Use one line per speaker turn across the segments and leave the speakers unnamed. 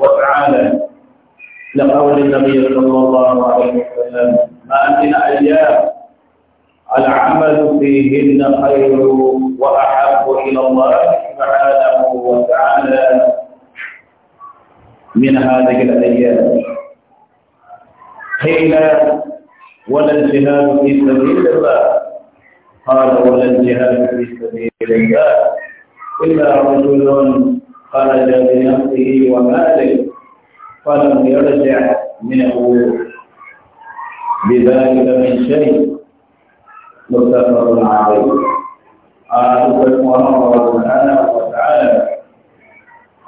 وتعالى لقول النبي صلى الله عليه وسلم ما من أيام العمل فيهن خير وأحب إلى الله سبحانه وتعالى من هذه الأيام قيل ولا الجهاد في سبيل الله قال ولا الجهاد في سبيل الله إلا رجل خرج بنفسه وماله فلم يرجع منه بذلك من شيء متفق عليه أعرفكم الله سبحانه وتعالى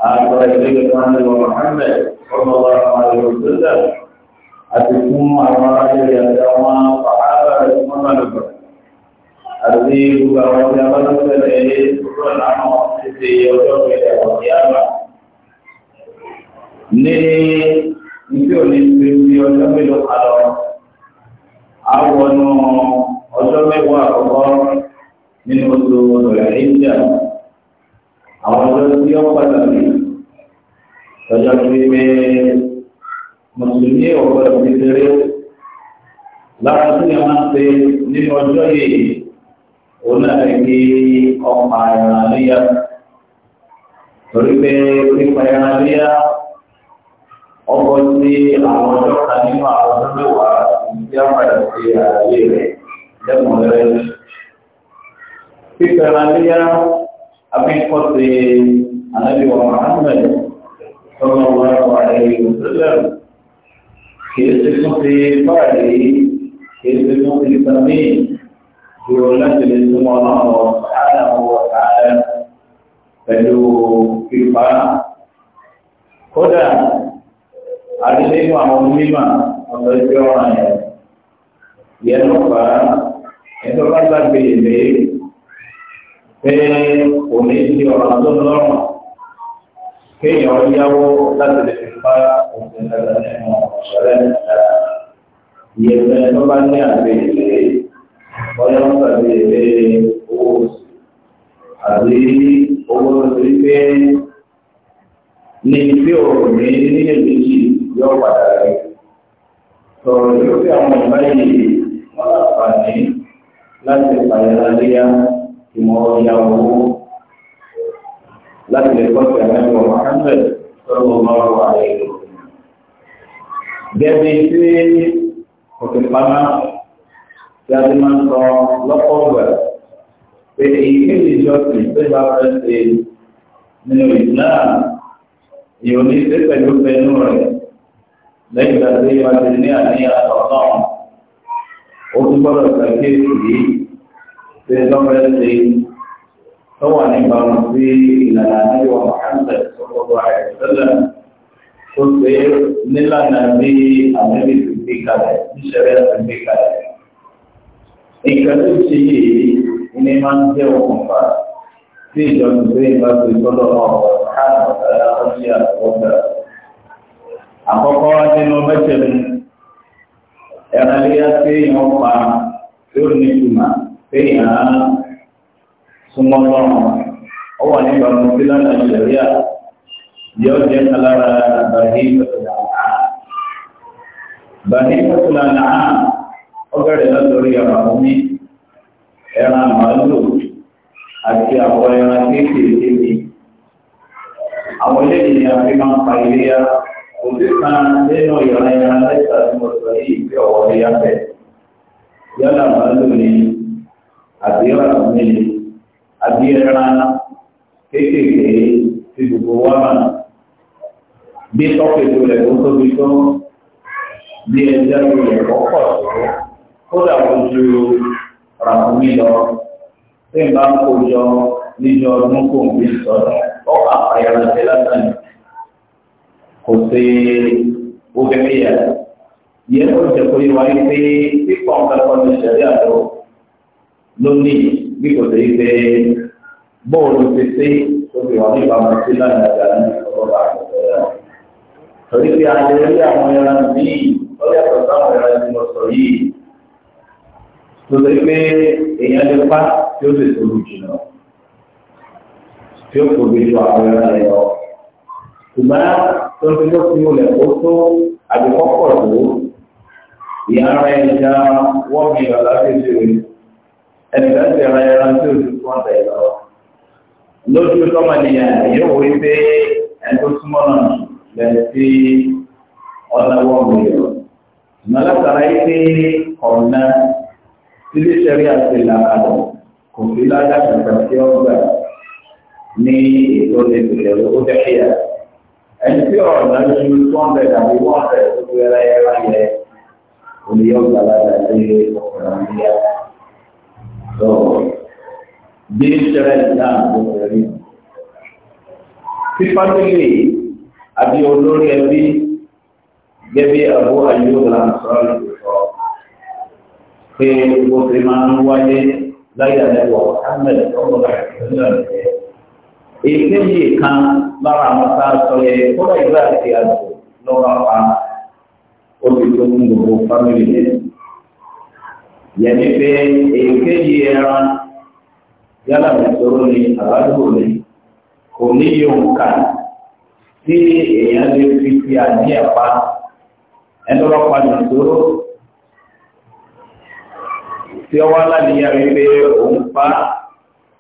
أعرف إليك محمد صلى الله عليه وسلم أتكون أمراض يدعوها صحابة رسول الله àti gbogbo àwọn tí a bá tó tẹ̀lé ìṣòro ìlànà títí ọjọ́ ìpínlẹ̀ ọ̀kí àgbà. Ní ibi òní ti fi ọjọ́ mélòó kan lọ, a wọnú ọjọ́ mẹ́wàá àkọ́kọ́ nínú oṣù Nàìjíríà India. Àwọn ọjọ́ tí ó pàtàkì lọ́jọ́ tí pé Mùsùlùmí ọ̀gbọ́dọ̀ ti tẹ̀lé lára tí a máa ń ṣe nínú ọjọ́ yìí òun náà lè fi ọkọ̀ àyàrá léyà torí pé pípa ẹ̀rọ léyà ọkọ̀ sí àwọn ọjọ́ kan nínú àwọn ọdún mẹ́wàá tí a padà sí àlàyé rẹ̀ lẹ́kùn rẹ̀. pípa ẹ̀rọ léyà abẹ́kọ̀ sí anábìwọ̀ Muhammad sọ́nà wọn wà lẹ́yìn òṣèlú kìí ṣe fún ti báyìí kìí ṣe fún ti sàmì ìrọ̀lẹ́tẹ̀lẹ̀ súnmọ́ ọlọ́run aláwọ̀ ààrẹ pẹ̀lú ìpara. Kódà, àdínlẹ́nu àwọn mímọ̀ ọ̀dọ̀ ìgbé ọ̀ràn yẹn. Ìyẹn ló fà á, ẹ̀dọ́ bá gbàgbé ìlé pé kò ní di ọ̀ràn tó lọ́rùn. Kéèyàn yáwó láti lè fi pa òṣèlú ẹ̀rọ nínú ọ̀ṣọ́rẹ́ ìyẹn ló bá ní àgbèyẹ bọ́yá ń pàdé ilé owó àbí owó tó ti pé ní ilé òòrùn ní nílé méjì yóò padà rẹ̀. sọ̀rọ̀ yóò fi àwọn ọ̀gá yìí wọ́n láǹfààní láti pàyàrá léyà ìmọ̀ ọ̀yà owó láti lè kọ́ sí àmẹ́wọ̀ tí a ti máa ń sọ lọ́pọ̀ ọ̀gbà pé èyí kéde ìjọsìn tó bá fẹ́ ṣe nínú ìsìláàmù ìyóò ní ṣe pẹ̀lú pẹ̀lú rẹ̀ lẹ́yìn ìgbà tí wọ́n ti ní àníyàn ọ̀tọ̀ ó tún gbọ́dọ̀ ṣàkíyèsí yìí ṣe lọ́fẹ́ ṣe tó wà níbàámu sí ìlànà àníwọ̀ àǹtẹ̀ ọ̀pọ̀lọpọ̀ àìsílẹ̀ tó ṣe nílànà bí àmì ìfìgbé kalẹ̀ níṣẹ́rẹ́ ìfìgbé kalẹ̀ nǹkan tó ṣe yìí ní máa ń jẹ́ òkùnfà tí ìjọba tó yẹ bá ti tọ́lọ̀ ọ̀rọ̀ káàkiri ọ̀tàlá ọ̀ṣẹ́ àtọ́gbà. Àkọ́kọ́ nínú mẹ́tẹ̀lú ẹ̀rọ iléyà tí èèyàn pa lórí ní ìtumà pé èèyàn súnmọ́ lọ́rùn ó wà nípa mọ́sílá nàìjíríà yóò jẹ́ kálára bàhí pẹ̀tùlà nàá. Bàhí pẹ̀tùlà nàá lórí ọ̀rọ̀ àwọn ní ẹran màálù àti àwọn ẹran kéékèèké ni. Àwọn eléyìí ni a fi máa ń pa iléyà. Òbí kan nínú ìran ẹran lẹ́sà tí mo sọ yìí pé ọ̀wọ́ ni a fẹ́. Yálà màálù ni àbí ọ̀rọ̀ mi ni àbí ẹran kéékèèké ti gbogbo wá mà. Bí tọ́pẹ̀tò rẹ̀ tó tóbi tó bí ẹja rẹ̀ kọ́kọ̀ tó. kódà kò ju ràkúnmí lọ tí n bá ń kó jọ níjọ ọdún kò ń gbé sọ̀rọ̀ ọ àpàyàrá ṣe lásán kò sí obìnrin yẹn yẹn ó jẹ pé wáyé pé pípọ̀ kankan ní ìṣẹ̀lẹ̀ àlọ́ lónìí bí kò sí pé bóòlù ti torí pé èèyàn lè pa tí ó sì tóbi jùlọ tí ó tóbi ju àwọn ẹran rẹ lọ ṣùgbọ́n tó ń fi ló fi olè kó tó àdìkọ́ pọ̀ tó ìyá ara ẹja wọ́n mi ọ̀la tó ṣe rè ẹnìkan ti ra ẹran tí ó ti pọ̀ tẹ̀ lọ lójú tọ́mọnìyàn yóò wí pé ẹni tó súnmọ́ náà lẹ́nu sí ọ̀nà wọ́n mi lọ. ìmọ̀lá yìí pé ọ̀nà. ilé sẹ́rí àti ìlànà di fi ládà kàkà sí ọgbà ní ètò ìpìlẹ̀ ó dẹ́kẹ̀yà. ẹni tí ọ̀rọ̀ náà ju one hundred àbí one hundred tó fi ẹrẹ ẹrẹ yẹ oníyẹ ọgbà ládà sí ọkùnrin níyà. tó bí sẹ́rẹ̀ náà ló fẹ́rí. fífámílì àbí olórí ẹbí gẹ́gẹ́ àbú ayélujára sọ̀rọ̀ pé gbogbo pé máa ń wáyé láyà lẹ́wọ̀ ahmed ọgbọ̀n àìsílẹ̀ rẹ̀. èkéyì kan lára àwọn tá a sọ yẹ kódà ìlú àti àgbò lọ́wọ́ pa obì tó ń gbogbo fámìlì rẹ̀. yẹni pé èkéyì ẹran yálà ìṣòro ni àbádùgbò ni kò ní yóò kà tí èèyàn lè fi fi àníyàn pa ẹni ìṣòro tí ọwọ́ aláníyàn wípé òun pa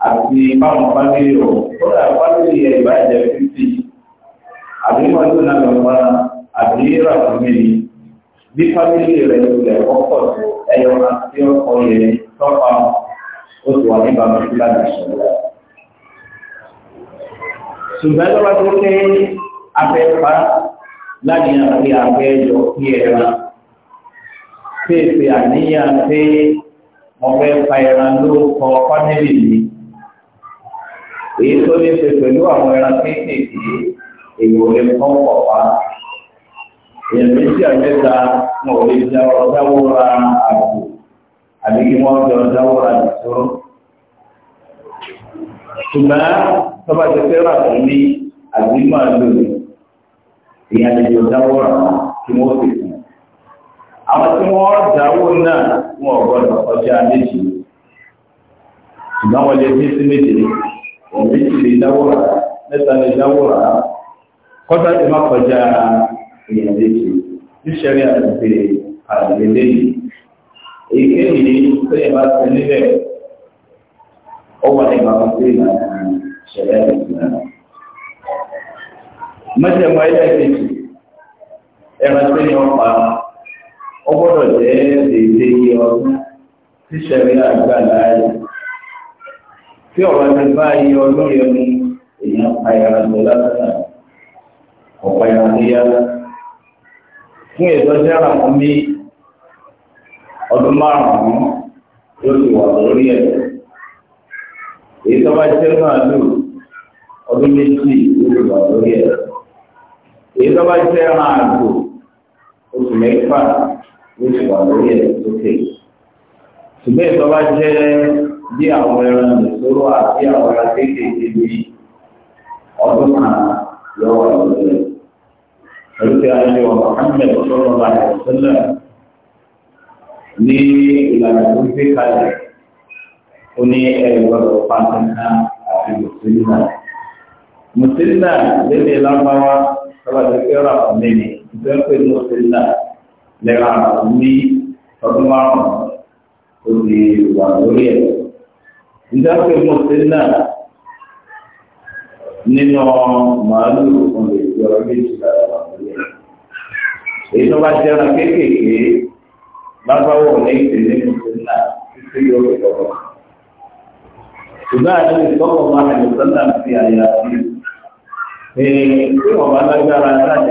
àti báwọn fámílì ò kódà fámílì ẹ̀ ìbájẹ́ fífì àbí wọn tó náà lọ́wọ́ àbí rà fámílì bí fámílì rẹ̀ lulẹ̀ ọkọ̀ tó ẹyọ àti ọkọ̀ yẹn tọ́pa ó ti wà nípa mẹ́fílà nìṣọ́lá. ṣùgbọ́n lọ́wọ́ tó ní afẹ́fà láníyàn pé afẹ́jọ kí ẹran pèsè àníyàn pé ọmọ ẹ̀ka ẹran ló kọ fámìlì mi èyí tó ní ṣe pẹ̀lú àwọn ẹran kéékèèké èyí ò lè kọ́ pọ̀ wá èyàn méjì àgbẹ̀ta wọn ò lè fi ọ̀dáwó ra àbò àbí kí wọ́n fi ọ̀dáwó ra ìṣòro ṣùgbọ́n tọ́ba ti fẹ́ rà fún mi àbí màá lò ní ìyàlejò ọ̀dáwó ra kí wọ́n fi àwọn tí wọ́n dáwó náà wọn ọ̀gbọ́dọ̀ ọjọ́ méjì ṣùgbọ́n lè dín sí méjì méjì lè dáwó rà mẹ́ta lè dáwó rà kọ́tà tí má kọjá èèyàn méjì níṣẹ́rí àtúnṣe àgbègbè yìí èyíkéyìí tó yẹ bá ti níbẹ̀ ó wà ní ó gbọ́dọ̀ jẹ́ èdè ọdún tí ṣẹ̀rí àgbà láàyè tí ọ̀rọ̀ ti bá ọdún mú èèyàn yára fún ọdún márùn-ún yóò ti wà lórí ẹ̀ èyí tó bá lò ọdún méjì yóò ti wà lórí ẹ̀ èyí tó ó sì wà lórí ẹ̀ lókè. ṣùgbọ́n ìtọ́wá jẹ́ bí àwọn ẹran ìṣòro àti àwọn ẹran kéékèèké bí ọdún kan lọ́wọ́ lórí ẹ̀. pẹ̀lú tí a ń lé wọn Muhammad sọ́rọ̀ bá yẹ sílẹ̀ ní ìlànà tó gbé kalẹ̀ ó ní ẹ̀rọ pàtàkì àti mùsùlùmí náà. mùsùlùmí náà lédè lágbáwá tọ́lá ti fẹ́ràn ọ̀mẹ́ni ìfẹ́ pé mùsùlùmí lẹ́ra ní ọdún márùn-ún ó ti wà lórí ẹ̀. ìdájọ́ ìmọ̀ọ́sẹ́ náà nínú màálù òkun lè fi ọ̀rọ̀ méjì lára wà lórí ẹ̀. èyí tó bá jẹ́ ọ̀nà kéékèèké lábáwọ̀ lẹ́yìn tẹ̀lé ìmọ̀ọ́sẹ́ náà títí yóò fi lọ́wọ́. ṣùgbọ́n àti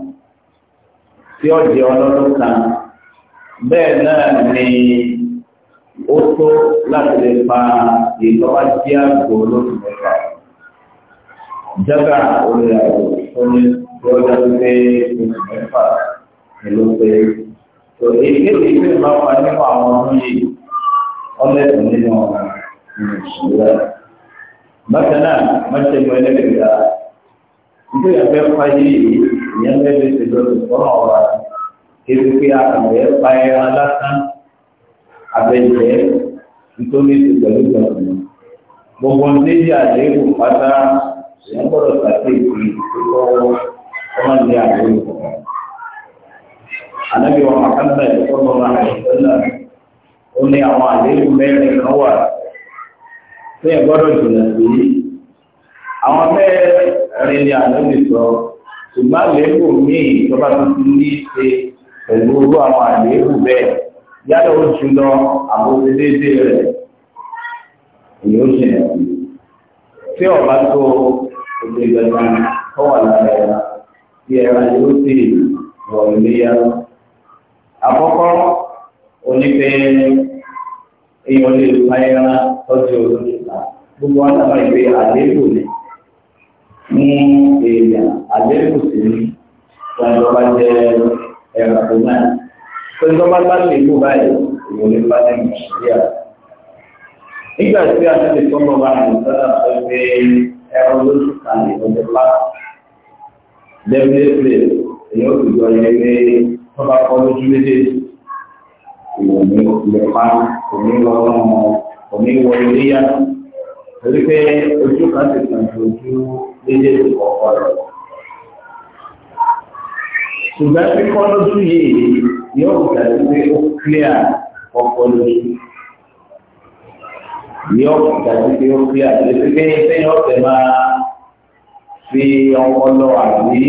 tí ó jẹ́ ọlọ́dún kan bẹ́ẹ̀ náà ni ó tó láti lè fa ìtọ́wá tí a gbò lóṣù mẹ́fà jágà orí àgbò tó tí ó jẹ́ pé oṣù mẹ́fà ni ló pé tó èké lè fi máa fa nípa àwọn ọdún yìí ọlẹ́sìn nínú ọ̀ràn ìṣúra bákan náà má ṣe mọ ẹlẹ́gbẹ̀dá nítorí ẹ̀fẹ́ yìí ìyẹn lẹ́bi ìṣèjọba ìfọ́nà ọ̀rọ̀ àti kébi pé àtàwẹ̀ pa ẹran lásán abẹ́jẹ́ nítorí ti pẹ̀lú ìjọba gbogbo ndéjì àléébù pátá ìyẹn gbọ́dọ̀ sàkéèkì tó kọ́wọ́ ọmọ ní àléébù ànábì wa màkàtà ìfọ́nà ọ̀rọ̀ àìsọ́lá ó ní àwọn àléébù mẹ́rin kan wà tó yẹ gbọ́dọ̀ jùlọ sí àwọn mẹ́rin ni àléébù sọ ṣùgbọ́n àléébù míì ìjọba tó ti ní ṣe pẹ̀lú orú àwọn àléébù bẹ́ẹ̀ yálà ó jù lọ àwọn òṣèlédè rẹ̀ èyí ó ṣe ẹ̀kú tí ọba tó òṣèlú ìjọba tó wà lára ẹ̀ra tí ẹ̀ra yóò sì rọ̀ ìléyà àkọ́kọ́ onífẹ́ èèyàn lè pa ẹran tọ́jú olóṣèlú gbogbo wọn náà ìwé àléébù ni ní èèyàn àdéhùsí ìjọba jẹ ẹ̀rọ náà tó ìjọba bá lè kú báyìí ìwò ní pàtẹ́ nàìjíríà nígbà tí a ti tó lọ bá ní sọ́dà tó gbé ẹ̀rọ lóṣù kan ní ọjọ́ pa dẹ́gbẹ́ pé èyí ó dùjọ yẹn pé wọ́n bá kọ́ lójú méjèèjì ìwò ní pa òní lọ ilé yá torí pé ojú kan ti tàn ju ojú méjèèjì kọ̀ọ̀kan lọ. ṣùgbọ́n kíkọ́ lójú yìí yóò dàbí pé ó clear ọkọ̀ lójú. yóò dàbí pé ó clear lójú pé sẹ́yìn ọ̀sẹ̀ máa fi ọkọ̀ àbí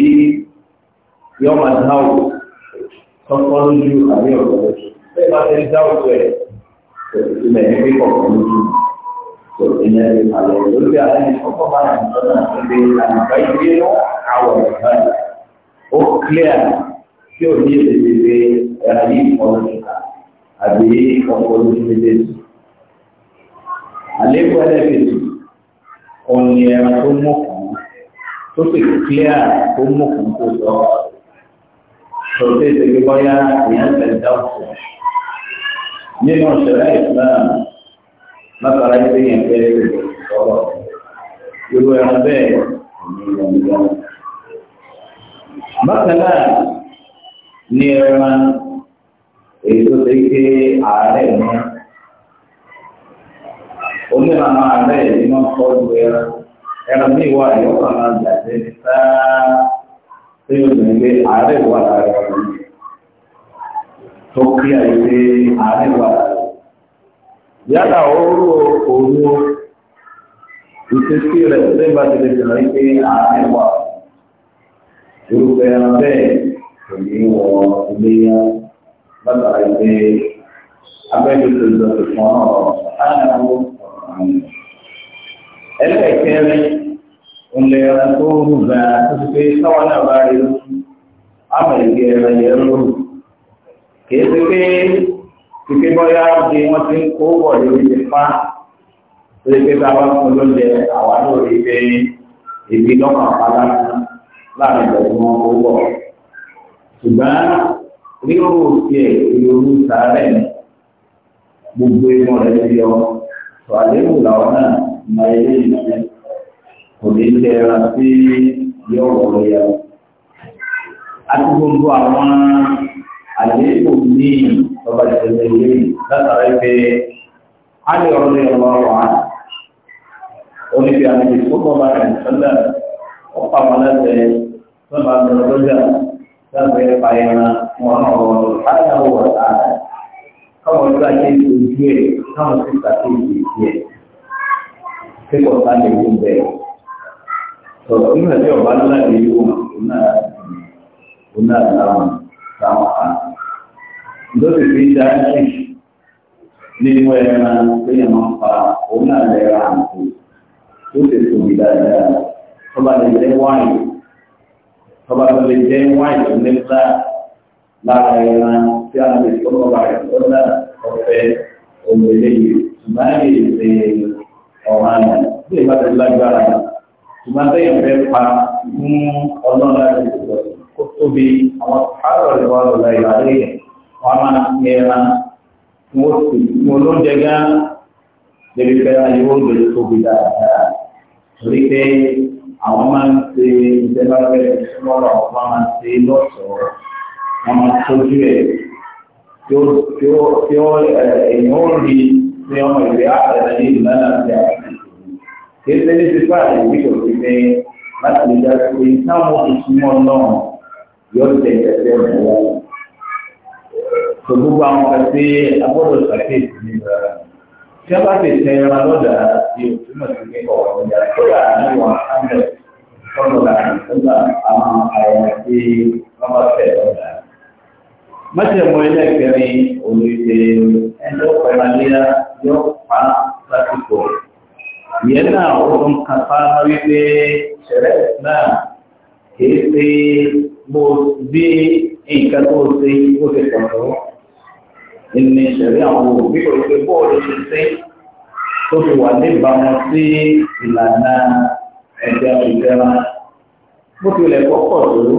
yóò máa dáwò tọ́kọ́ lójú àbí ọ̀rọ̀ lójú. bẹ́ẹ̀ bá tẹ́lẹ̀ dáwò rẹ̀ kò sí lẹ́yìn pé kọ̀ọ̀kan lójú. Sebenarnya kalau itu ada di pokok mana di sampai dia awal kan. Oh clear. Kau ni di di hari politik. Abi kalau di di Alif ada di Only yang umum tó sì clear tó mú kún tó sọ tó sì ṣe kí bọ́yá ìyẹn tẹ̀lé dáwọ̀ nínú ìṣẹ̀lẹ̀ ìsìláàmù látara yìí lẹ́yìn ẹgbẹ́ ìṣòro irú ẹran bẹ́ẹ̀ ọmọnìyàn bákan náà ní ẹran èyí tó ṣe ké ààrẹ mọ onírà máa rẹ èyí máa kọ ju ẹran ẹran bí ìwà ìyọkọ náà jàdé sáá tí yóò dùn pé ààrẹ wà lára ẹran tó kí àyè pé ààrẹ wà lára yálà orú òru ìṣesí rẹ̀ lẹ́gbàá ti lè jìnnà pé àárín wà irúfẹ́ ẹran bẹ́ẹ̀ kò ní wọ iléyà látara pé abẹ́lẹ́lẹ́ ìjọsìn kan náà láàárọ̀ ẹlẹ́kẹ̀rin ilẹ̀ ẹran tó rú gan-an tó ti pé táwọn náà bá rí lóṣù àmọ̀ ìgbẹ́ ẹran yẹn rú kì í ṣe pé Ìpé bọ́yá bí wọ́n ti ń kó wọ̀ lórí ìfá, lórí pé bá wá fún lóúnjẹ àwa lórí pé èmi lọ́kàn pálá láàrin ìgbà tí wọ́n kó wọ̀. Ṣùgbọ́n rírò tiẹ̀ ìrorú sàárẹ̀ gbogbo ìmọ̀ rẹ̀ ti yọ. Sọ àléébù làwọn náà máa ilé ìṣẹ́. Kò ní jẹ́ ra sí yọ̀wọ̀ lọ́yà. Àti gbogbo àwọn àléébù míì lọ́ba ìṣẹ̀lẹ̀ yìí látara pé a lè rọ́ ní ọmọ ọ̀rọ̀ àná. ó ní bí àmì ìfowópamọ́ bá rẹ̀ sọ́lẹ̀ ó pa wọn lẹ́sẹ̀ tó máa ń lọ lọ́jà láti ẹ̀ pa ẹran wọn ọ̀rọ̀ láyàwó ọ̀tá káwọn ìgbà ṣe ń ojú ẹ̀ káwọn sì ṣàkíyèsí ẹ̀ kíkọ̀ sá lè wú bẹ́ẹ̀. sọ̀rọ̀ nígbà tí ọ̀bá ńlá lè wú òun náà láwọn táwọn àná lórí fi dájú nínú ẹran lẹ́yìn máa ń fa òun náà lẹ́ra àǹtò tó sì tóbi dáadáa tọ́ba lè jẹ́ wáìnì tọ́ba tó lè jẹ́ wáìnì tó lè fúlá lára ẹran tí a lè tó lọ́ba rẹ̀ lọ́dà ọ̀fẹ́ òmìnira yìí ṣùgbọ́n a lè ṣe ọ̀ràn rẹ̀ bí ìbá ti lágbára ṣùgbọ́n lẹ́yìn fẹ́ pa fún ọlọ́run láti tóbi àwọn àrò ìwà ọ̀la ìwà lẹ́yìn wọn máa fi ẹran wọn sì wọn ló jẹ gán débi pé ayé wọn lè tóbi dáadáa torí pé àwọn máa ń ṣe ìjẹba bẹ́ẹ̀ lọ́rọ̀ wọn máa ń ṣe lọ́sọ̀ọ́ wọn máa tójú ẹ̀ tí ó tí ó tí ó ẹ̀yìn ó rí pé ọmọ ìwé àtẹ̀lẹ́ yìí lọ́nà àti àti kéde ní fífà ìwé kò fi pé láti lè dá sí pé táwọn òṣìṣẹ́ mọ́ náà yóò tẹ̀ ẹ̀sẹ̀ mọ́ tó gbogbo àwọn kan tí a gbọ́dọ̀ ṣàkíyèsí nínú ara tí a bá ti tẹ ẹran lọ́dà sí òtúmọ̀ sí ní ọ̀rọ̀ ọjà tó yà ní wọn àmì tọ́lọ̀ láti nígbà àwọn àyà tí wọ́n bá tẹ̀ lọ́dà. mọ́tẹ̀mọ́ ilé ìkẹrin olùdíje ẹjọ́ pẹ̀láníyà yóò pa lásìkò ìyẹn náà ó ń kápá wípé ṣẹlẹ̀ náà kìí ṣe bó bí nǹkan tó ṣe ó ṣe pọ̀ tó ní ìṣẹ̀lẹ̀ àwọn òbí pẹ̀lú pé bọ́ọ̀lù ti sí tó fi wà níbàámu sí ìlànà ẹ̀jẹ̀ ìlera. Bó tilẹ̀ kọ́ pọ̀ tó,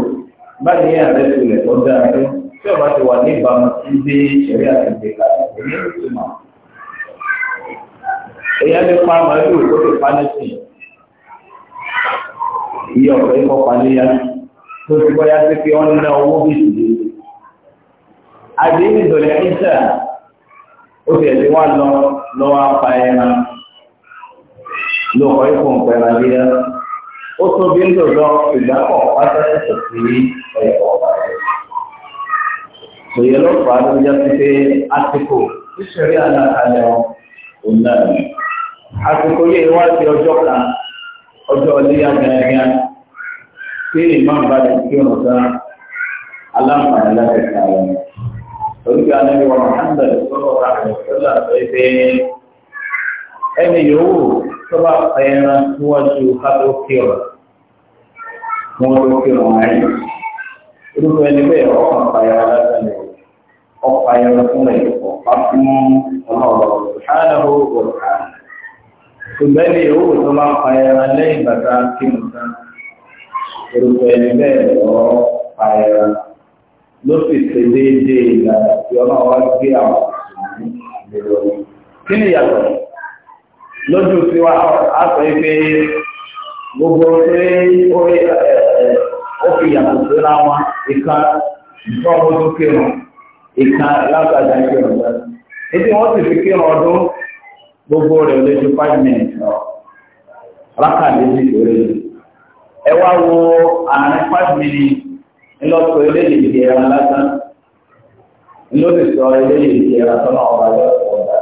báyìí ní àbẹ́ tilẹ̀ kọ́ dára tó, tí ọba ti wà níbàámu sí bí ìṣẹ̀lẹ̀ àtẹ̀jẹ̀ kalẹ̀ ní ìtumọ̀. Èyí á lè pa màálù tó ti pa ní sìn. Iye ọ̀pẹ kọ́ pa níyà tó ti bọ́yá sí pé wọ́n ná àti ìdòlẹ̀ ìṣẹ́ ó ti ẹ̀sìn wá lọ lọ́wọ́ apá ẹran ló kọ́ ikú nǹkan ẹran bí yẹn ó tó bí ń dòdò ìgbà pọ̀ pátẹ́sì tó fi ẹ̀kọ́ òye ló fà á ló jẹ́ pípé àsìkò ìṣẹ̀rí àlàkalẹ̀ òun náà ni àsìkò yìí wá sí ọjọ́ kan ọjọ́ ọdíyà gẹ́gẹ́ tí ìmọ̀ bá lè kí òun sá aláǹfààní láti kàwé torí pé anábì wa Muhammad lọ́wọ́ àgbẹ̀sọ́lá pé ẹni yòówù tó bá ẹran níwájú kátó kí ọ̀rọ̀ wọn ló kí ọ̀rọ̀ ẹ̀yìn irúfẹ́ ẹni bẹ́ẹ̀ ọkàn payà lásánlẹ̀ ọkà ẹran fún ẹ̀ ọ̀pá fún ọmọ ọ̀rọ̀ ṣáàdáwó ọ̀rọ̀ ṣùgbọ́n ẹni yòówù ló sì ṣe ịga ìlànà tí ọlọ́run wá gbé àwọn ìṣòro lọ́wọ́. kí ni ìyàtọ̀ lójú sí wa á sọ pé gbogbo pé ó fi yàtọ̀ sí ìka ìtọ́wọ́ tó kírun ìka látàjà kírun lọ. ètò wọn sì fi kírun ọdún gbogbo rẹ̀ lójú five ńlọ́pọ̀ eléyìí di ẹran lásán ńlọ́pọ̀ sọ eléyìí di ẹran tọ́nà ọba lọ́pọ̀ ọ̀dà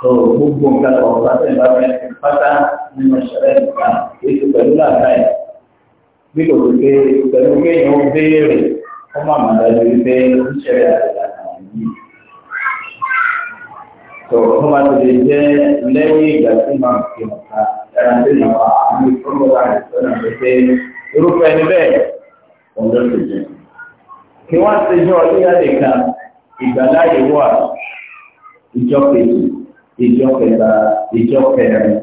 tó gbogbo nǹkan tó ọba tẹ̀ bá fẹ́ pátá nínú ìṣẹ̀lẹ̀ nìkan ètò pẹ̀lú làákàyè bí kò tó pé pẹ̀lú kéèyàn ó béèrè ó má má dájú wípé ìṣẹ̀lẹ̀ àtìlànà yìí tó tó má tó lè jẹ́ lẹ́yìn ìgbà tí màá fi hàn ká ẹran tí màá fi hàn ìfọ́nbọ̀n àìsàn náà pé irúfẹ́ ni bẹ́ẹ̀ ọjọ́ ìjẹ́. Kí wọ́n ti jọ ọdúnyàdé kan, ìgbàláyè wà ìjọ kejì, ìjọ kẹta, ìjọ kẹrin.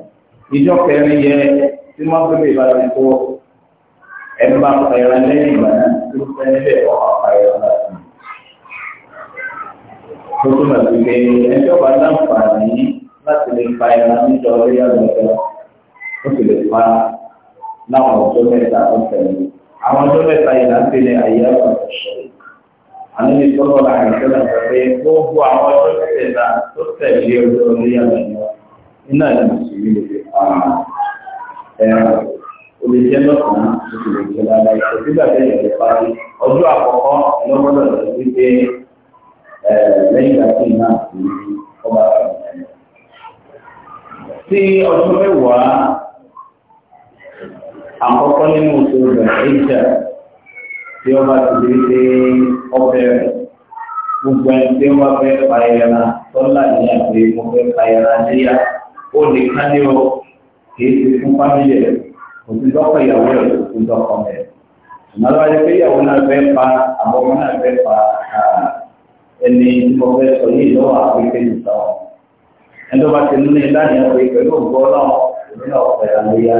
Ìjọ kẹrin yẹ tí wọ́n fi lè bá ti kó ẹgbà pẹ̀lú lẹ́yìn ìgbà náà tó fẹ́ lè wọ́ àpàyọ̀ láti. Tó túmọ̀ sí pé ẹjọ́ bá láǹfààní láti lè pa ẹran níjọ orí àgbẹ̀fẹ́. Ó sì lè pa láwọn ọjọ́ mẹ́ta ọ̀sẹ̀ yìí àwọn ọjọ́ mẹ́ta yìí láti lè ayé ọ̀rọ̀ ṣọ̀rọ̀ àní ní sọ́kọ̀ láàrin tó lọ sọ pé gbogbo àwọn ọjọ́ mẹ́tẹ̀ẹ̀ta tó tẹ̀lé ọjọ́ orí àgbẹ̀yọ iná ní mùsùlùmí lè fi pa ẹran olùjẹ́ lọ́sàn-án tó sì lè jẹ́ lára ìṣẹ́ nígbà tó yẹ kó parí ọjọ́ àkọ́kọ́ lọ́gbọ́dọ̀ lọ sí pé lẹ́yìn ìgbà tí ìná àti ọba àgbẹ̀yọ. tí ọjọ́ mẹ́wàá àkọ́kọ́ nínú oṣù rẹ̀ ẹ̀jẹ̀ tí ọba ti lè ṣe ọbẹ̀ rẹ̀ gbogbo ẹni tí wọ́n fẹ́ pa ẹran tọ́lá ní àgbẹ̀ mo fẹ́ pa ẹran níyà ó lè ká ní o kìí ṣe fún fámìlì rẹ̀ kò sí dọ́kọ̀ ìyàwó rẹ̀ kò sí dọ́kọ̀ rẹ̀ ìmọ̀lá yẹ pé ìyàwó náà fẹ́ pa àwọn ọmọ náà fẹ́ pa ẹni tí mo fẹ́ sọ yìí lọ́wọ́ àpèké nìkan ẹni tó bá ti ní ní láàyè pé pẹ̀lú ògbọ́ náà òun náà fẹ́ ra níyà.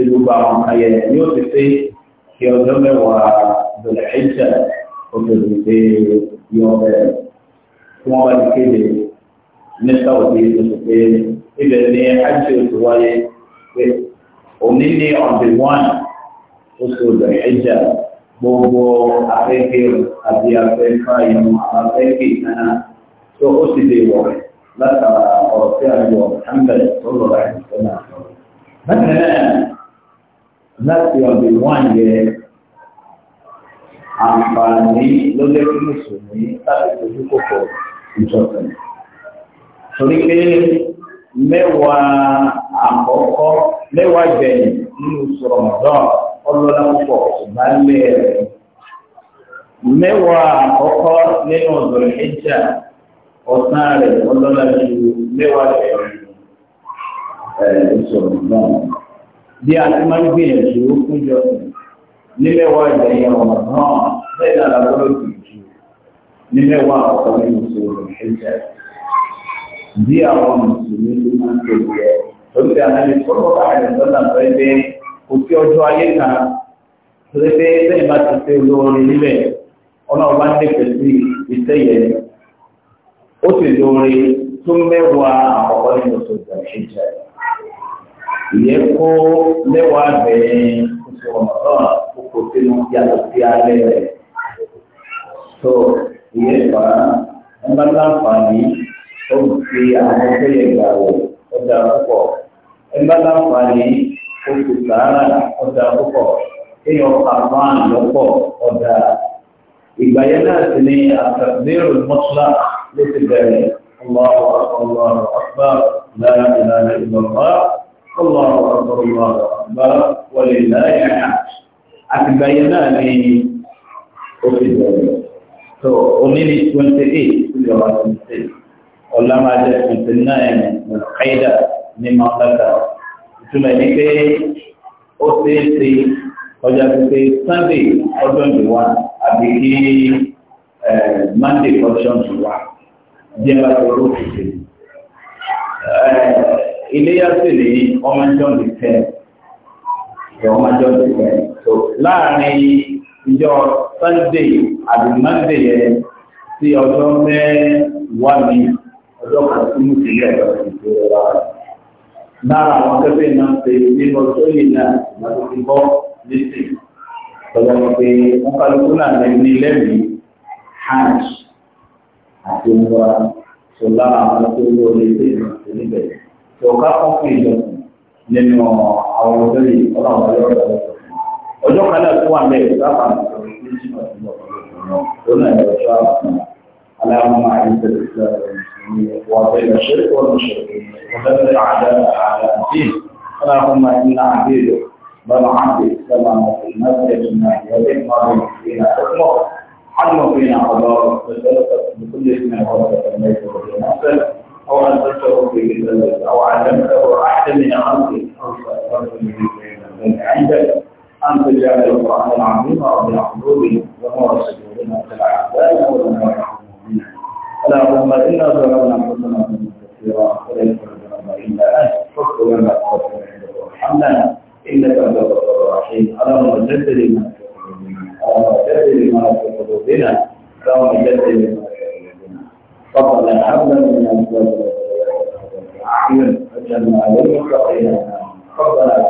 tí gbogbo àwọn ayẹyẹ yóò ti pé kí ọjọ́ mẹ́wàá bẹ̀rẹ̀ ẹ̀jẹ̀ obìnrin pé yọ bẹ̀rẹ̀ tí wọ́n bá ti kéde ní sáwọ́dí tó ti pé ibẹ̀ ní ẹ̀jẹ̀ oṣù wáyé pé òní ní ọ̀dẹ̀ wọ́n oṣù bẹ̀rẹ̀ ẹ̀jẹ̀ gbogbo afẹ́kẹ́ àti afẹ́fà ìmú afẹ́kẹ́ ìtànà tó ó sì lè wọ̀ látara ọ̀rọ̀ tí a yọ ọ̀hánbẹ̀rẹ̀ tó lọ́ra ìtọ́nà. náà, láti ọ̀dọ̀ ìwọ̀n yẹ àǹfààní fún láti kòkò ìjọsìn. torí pé mẹ́wàá àkọ́kọ́ mẹ́wàá nínú sọ̀rọ̀ ọlọ́lá púpọ̀ ṣùgbọ́n lé mẹ́wàá àkọ́kọ́ nínú ọ̀dọ̀ ìjà ọ̀sán rẹ̀ ọlọ́lá ju mẹ́wàá bí a ti máa ń gbìyànjú fún jọ ní mẹ́wàá ìgbẹ̀yìn ọ̀nà náà bẹ́ẹ̀ náà lábọ́lọ́ ìjù ní mẹ́wàá ọ̀pọ̀ ní mùsùlùmí ṣẹ̀ṣẹ̀ bí àwọn mùsùlùmí ló máa ń tó jẹ́ torí pé àná lè fọ́lọ́ láàrin lọ́nà tó ẹgbẹ́ kò sí ọjọ́ ayé kan tó lé pé bẹ́ẹ̀ bá ti ṣe olóore níbẹ̀ ọlọ́run bá ń dẹ̀pẹ̀ sí iṣẹ́ yẹn ó sì lóore tó mẹ́wàá àkọ́kọ́ ní mùsùlùmí ṣẹ̀ṣẹ̀ ìyẹn kó lẹ́wàá bẹ̀rẹ̀ oṣù ọ̀nà kókò sínú yàtọ̀ sí alẹ́ rẹ̀. tó ìyẹn fà á wọn bá láǹfààní ó ń fi àwọn tó yẹ gbà wò ó da púpọ̀ wọn bá láǹfààní oṣù sàárà ó da púpọ̀ èèyàn kà fáàn lọ́pọ̀ ọ̀dà ìgbà yẹn náà sì ni àtàkùnrin mọ́tòlá ló ti bẹ̀rẹ̀. الله أكبر الله أكبر لا إله الله أكبر الله أكبر ولله الحمد أتبعنا لي أوكي So only 28 will have been said. Ulama just 29 will qaida ni mawlaka. Ìtumọ̀ ni pé ó ṣe é ṣe ọjà pípé Sunday ọjọ́ ìwà àbí kí Monday ọjọ́ ìwà jẹ́ bá tó lókè ṣe iléyà sì lè ọmọ ìjọ lè tẹ ọmọ ìjọ lè tẹ so láàrin ìjọ sunday àti monday yẹn sí ọjọ́ mẹ́wàá mi ọjọ́ kan tí mo ti lé ẹ̀rọ ìṣòro wa lára àwọn akẹ́kọ̀ọ́ iná ṣe nínú ọjọ́ yìí náà láti fi bọ́ lẹ́sìn tọ́jọ́ wọn pé wọ́n kálukú náà lè ní lẹ́mìí hajj àti ìmúra so lára àwọn akẹ́kọ̀ọ́ olóore ṣe ìrìnàjò níbẹ̀. yóò ká ọkùnrin ìjọ nínú àwọn olórí ọlọ́run ọlọ́run ọlọ́run ọjọ́ kan náà tó wà ní ẹ̀rọ sábà nítorí ní ìṣúná tó lọ lọ́nà ẹ̀rọ sábà اللهم أعز الإسلام والمسلمين وأذل الشرك والمشركين ودمر أعداء أعداء الدين اللهم إنا عبيدك بل عبدك كما نسيناك منا يدك ماضي فينا حكمك حكم فينا قضاءك وسلطك بكل اسم هو سميته بنفسك أو أن أنزلته في كتابك أو علمته أحد من عبدك أو سألته به بين عندك أن تجعل القرآن العظيم رب العبود وهو سيدنا في الأعداء ولنا يرحمنا اللهم إنا ظلمنا أنفسنا من كثيرا وليس تظلم إلا أنت فاغفر لنا وارحمنا إنك أنت الغفور الرحيم اللهم جد لنا عليك وإلى ربنا